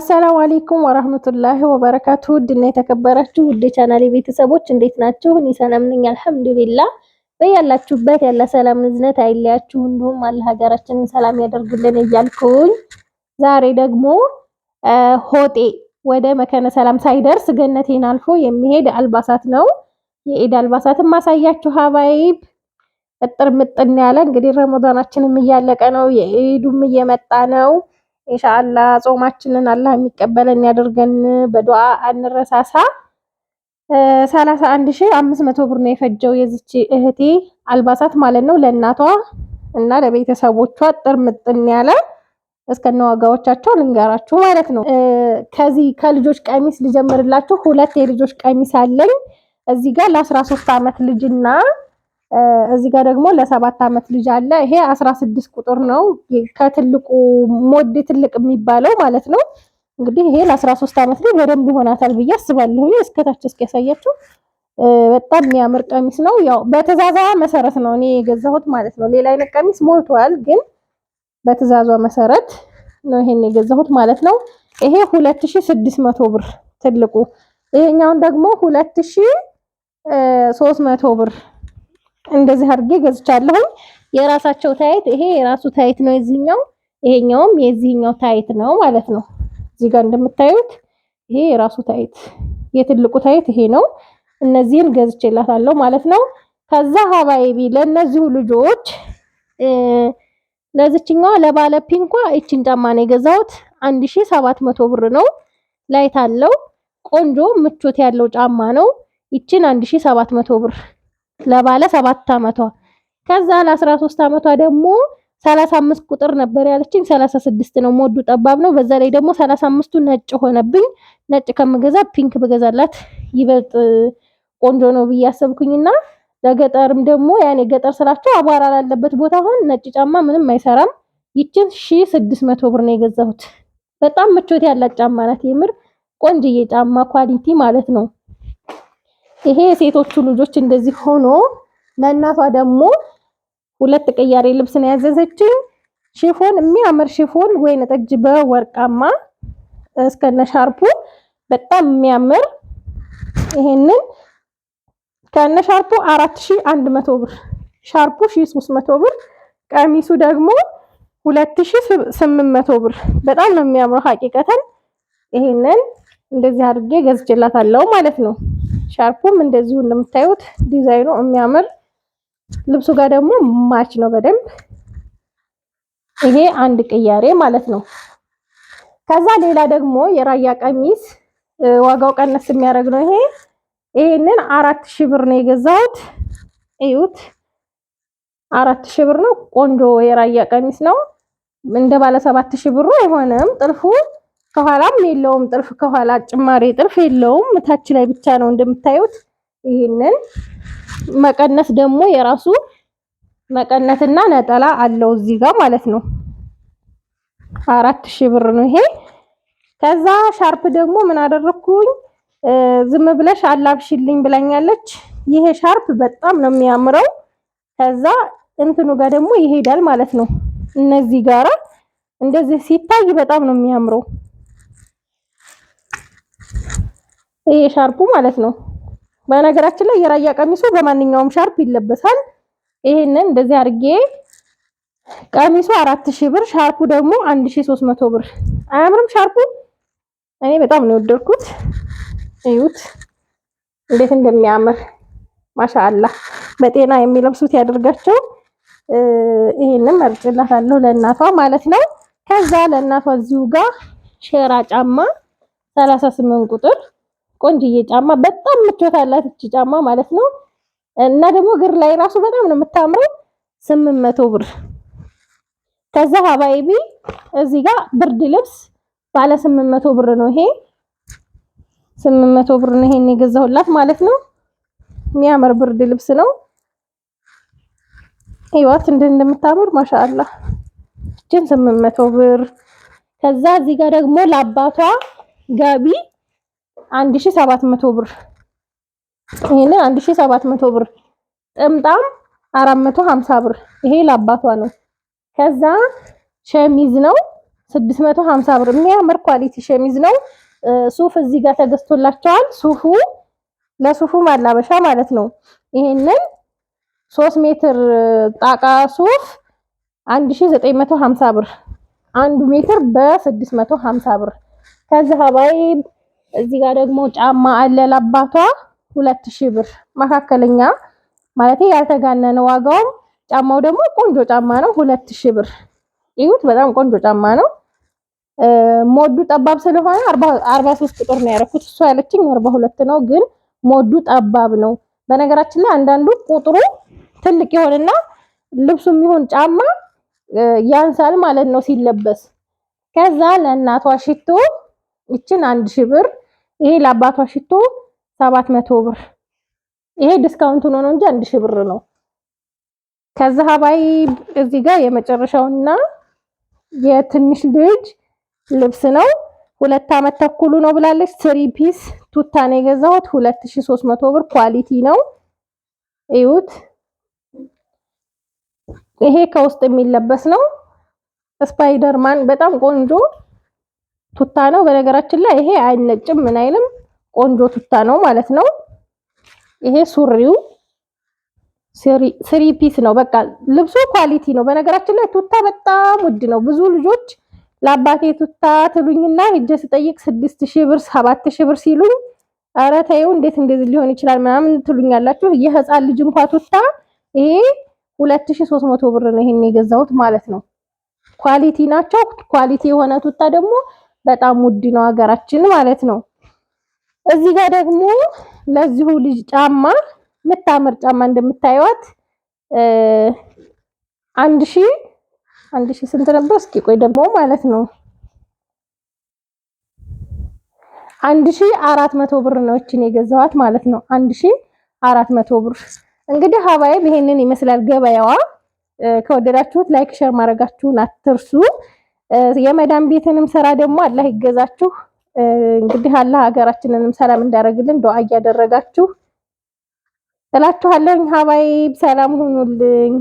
አሰላሙ አሌይኩም ወራህመቱላሂ ወበረካቱ ውድና የተከበራችሁ ውድ ቻናሌ ቤተሰቦች እንዴት ናችሁ? እኔ ሰላም ነኝ አልሐምዱሊላ። በያላችሁበት ያለ ሰላም እዝነት አይለያችሁ፣ እንዲሁም አለ ሀገራችንን ሰላም ያደርግልን እያልኩኝ ዛሬ ደግሞ ሆጤ ወደ መከነ ሰላም ሳይደርስ ገነቴን አልፎ የሚሄድ አልባሳት ነው። የኢድ አልባሳትን ማሳያችሁ ሀባይብ እጥር ምጥን ያለ እንግዲህ ረመዳናችንም እያለቀ ነው፣ የኢዱም እየመጣ ነው። ኢንሻአላ ጾማችንን አላህ የሚቀበለን ያደርገን። በዱዓ አንረሳሳ። 31500 ብር ነው የፈጀው የዚች እህቴ አልባሳት ማለት ነው። ለእናቷ እና ለቤተሰቦቿ ጥር ምጥን ያለ እስከነ ዋጋዎቻቸው ልንገራችሁ ማለት ነው። ከዚህ ከልጆች ቀሚስ ልጀምርላችሁ። ሁለት የልጆች ቀሚስ አለኝ እዚህ ጋር ለ13 ዓመት ልጅና እዚህ ጋር ደግሞ ለሰባት ዓመት ልጅ አለ። ይሄ አስራ ስድስት ቁጥር ነው ከትልቁ ሞዴ ትልቅ የሚባለው ማለት ነው። እንግዲህ ይሄ ለአስራ ሶስት ዓመት ልጅ በደንብ ይሆናታል ብዬ አስባለሁ። እስከታች እስኪ ያሳያችሁ። በጣም የሚያምር ቀሚስ ነው። ያው በትእዛዟ መሰረት ነው እኔ የገዛሁት ማለት ነው። ሌላ አይነት ቀሚስ ሞልቷል፣ ግን በትእዛዟ መሰረት ነው ይሄን የገዛሁት ማለት ነው። ይሄ ሁለት ሺህ ስድስት መቶ ብር ትልቁ፣ ይሄኛውን ደግሞ ሁለት ሺህ ሶስት መቶ ብር እንደዚህ አድርጌ ገዝቻለሁኝ። የራሳቸው ታይት ይሄ የራሱ ታይት ነው የዚህኛው፣ ይሄኛውም የዚህኛው ታይት ነው ማለት ነው። እዚህ ጋር እንደምታዩት ይሄ የራሱ ታይት የትልቁ ታይት ይሄ ነው። እነዚህን ገዝቼላታለሁ ማለት ነው። ከዛ ሀባይቢ ለእነዚሁ ልጆች ለዚችኛዋ ለባለ ፒንኳ ይቺን ጫማ ነው የገዛሁት። 1700 ብር ነው። ላይት አለው ቆንጆ ምቾት ያለው ጫማ ነው። ይቺን 1700 ብር ለባለ ሰባት አመቷ ከዛ ለ13 ዓመቷ ደግሞ 35 ቁጥር ነበር ያለችኝ። 36 ነው ሞዱ ጠባብ ነው። በዛ ላይ ደግሞ 35ቱ ነጭ ሆነብኝ። ነጭ ከምገዛ ፒንክ ብገዛላት ይበልጥ ቆንጆ ነው ብዬ አሰብኩኝና ለገጠርም ደግሞ ያኔ ገጠር ስላቸው አቧራ ላለበት ቦታ አሁን ነጭ ጫማ ምንም አይሰራም። ይችን 1600 ብር ነው የገዛሁት። በጣም ምቾት ያላት ጫማ ናት። የምር ቆንጅዬ ጫማ ኳሊቲ ማለት ነው። ይሄ የሴቶቹ ልጆች እንደዚህ ሆኖ ለእናቷ ደግሞ ሁለት ቅያሬ ልብስ ነው ያዘዘችኝ። ሽፎን የሚያምር ሽፎን ወይን ጠጅ በወርቃማ እስከነ ሻርፑ በጣም የሚያምር ይሄንን ከነ ሻርፑ 4100 ብር፣ ሻርፑ 1300 ብር፣ ቀሚሱ ደግሞ 2800 ብር። በጣም ነው የሚያምረው ሐቂቀተን ይሄንን እንደዚህ አድርጌ ገዝቼላታለሁ ማለት ነው። ሻርፑም እንደዚሁ እንደምታዩት ዲዛይኑ የሚያምር ልብሱ ጋር ደግሞ ማች ነው በደንብ። ይሄ አንድ ቅያሬ ማለት ነው። ከዛ ሌላ ደግሞ የራያ ቀሚስ ዋጋው ቀነስ የሚያደርግ ነው። ይሄ ይሄንን አራት ሺህ ብር ነው የገዛሁት። እዩት፣ አራት ሺህ ብር ነው። ቆንጆ የራያ ቀሚስ ነው። እንደ ባለ ሰባት ሺህ ብሩ አይሆንም ጥልፉ ከኋላም የለውም ጥልፍ፣ ከኋላ ጭማሬ ጥልፍ የለውም። ታች ላይ ብቻ ነው እንደምታዩት። ይህንን መቀነት ደግሞ የራሱ መቀነትና ነጠላ አለው እዚህ ጋር ማለት ነው። አራት ሺህ ብር ነው ይሄ። ከዛ ሻርፕ ደግሞ ምን አደረኩኝ? ዝም ብለሽ አላብሽልኝ ብላኛለች። ይሄ ሻርፕ በጣም ነው የሚያምረው። ከዛ እንትኑ ጋር ደግሞ ይሄዳል ማለት ነው። እነዚህ ጋራ እንደዚህ ሲታይ በጣም ነው የሚያምረው። ይሄ ሻርፑ ማለት ነው። በነገራችን ላይ የራያ ቀሚሶ በማንኛውም ሻርፕ ይለበሳል። ይሄንን እንደዚህ አድርጌ ቀሚሱ አራት ሺህ ብር ሻርፑ ደግሞ አንድ ሺህ ሶስት መቶ ብር። አያምርም ሻርፑ? እኔ በጣም ነው የወደድኩት። እዩት እንዴት እንደሚያምር ማሻአላ። በጤና የሚለብሱት ያደርጋቸው። ይሄንን መርጬላታለሁ ለእናቷ ማለት ነው። ከዛ ለእናቷ እዚሁ ጋር ሸራ ጫማ 38 ቁጥር ቆንጅዬ ጫማ በጣም ምቾት አላት እቺ ጫማ ማለት ነው። እና ደግሞ እግር ላይ ራሱ በጣም ነው የምታምረው። ስምንት መቶ ብር ከዛ ሀባይቢ እዚህ ጋር ብርድ ልብስ ባለ ስምንት መቶ ብር ነው ይሄ ስምንት መቶ ብር ነው ይሄን የገዛሁላት ማለት ነው። የሚያምር ብርድ ልብስ ነው። ይዋት እንደ እንደምታምር ማሻአላ ጅን ስምንት መቶ ብር ከዛ እዚህ ጋር ደግሞ ለአባቷ ጋቢ 1700 ብር ይሄን 1700 ብር ጥምጣም 450 ብር ይሄ ለአባቷ ነው። ከዛ ሸሚዝ ነው 650 ብር የሚያምር ኳሊቲ ሸሚዝ ነው። ሱፍ እዚህ ጋር ተገዝቶላቸዋል። ሱፉ ለሱፉ ማላበሻ ማለት ነው። ይሄንን 3 ሜትር ጣቃ ሱፍ 1950 ብር አንዱ ሜትር በ650 ብር ከዛ ሀባይ እዚህ ጋር ደግሞ ጫማ አለ ለአባቷ ሁለት ሺህ ብር መካከለኛ ማለት ያልተጋነነ ዋጋውም ጫማው ደግሞ ቆንጆ ጫማ ነው። ሁለት ሺህ ብር ይሁት በጣም ቆንጆ ጫማ ነው። ሞዱ ጠባብ ስለሆነ 43 ቁጥር ነው ያደረኩት። እሷ ያለችኝ 42 ነው፣ ግን ሞዱ ጠባብ ነው። በነገራችን ላይ አንዳንዱ ቁጥሩ ትልቅ ይሆንና ልብሱ የሚሆን ጫማ ያንሳል ማለት ነው ሲለበስ። ከዛ ለእናቷ ሽቶ ይችን አንድ ሺህ ብር ይሄ ለአባቷ ሽቶ ሰባት መቶ ብር ይሄ ዲስካውንት ሆኖ ነው እንጂ አንድ ሺህ ብር ነው። ከዛ ሀባይ እዚህ ጋር የመጨረሻውና የትንሽ ልጅ ልብስ ነው። ሁለት አመት ተኩሉ ነው ብላለች። ስሪ ፒስ ቱታ ነው የገዛሁት 2300 ብር ኳሊቲ ነው። እዩት። ይሄ ከውስጥ የሚለበስ ነው። ስፓይደርማን በጣም ቆንጆ ቱታ ነው። በነገራችን ላይ ይሄ አይነጭም ምን አይልም፣ ቆንጆ ቱታ ነው ማለት ነው። ይሄ ሱሪው ስሪ ፒስ ነው። በቃ ልብሱ ኳሊቲ ነው። በነገራችን ላይ ቱታ በጣም ውድ ነው። ብዙ ልጆች ለአባቴ ቱታ ትሉኝና ሂጄ ስጠይቅ ስድስት ሺህ ብር ሰባት ሺህ ብር ሲሉኝ ኧረ ተይው እንዴት እንደዚህ ሊሆን ይችላል ምናምን ትሉኛላችሁ። የህፃን ልጅ እንኳ ቱታ ይሄ ሁለት ሺህ መቶ ብር ነው ይሄን የገዛሁት ማለት ነው። ኳሊቲ ናቸው። ኳሊቲ የሆነ ቱታ ደግሞ በጣም ውድ ነው ሀገራችን ማለት ነው። እዚህ ጋር ደግሞ ለዚሁ ልጅ ጫማ የምታምር ጫማ እንደምታዩት አንድ ሺ አንድ ሺ ስንት ነበር? እስኪ ቆይ ደግሞ ማለት ነው አንድ ሺ አራት መቶ ብር ነው እቺን የገዛዋት ማለት ነው። አንድ ሺ አራት መቶ ብር እንግዲህ ሀባይ ይሄንን ይመስላል ገበያዋ። ከወደዳችሁት ላይክ ሸር ማድረጋችሁን አትርሱ። የመዳን ቤትንም ስራ ደግሞ አላህ ይገዛችሁ። እንግዲህ አላህ ሀገራችንንም ሰላም እንዳደረግልን ዱአ እያደረጋችሁ እላችኋለሁ። ሀባይብ ሰላም ሁኑልኝ።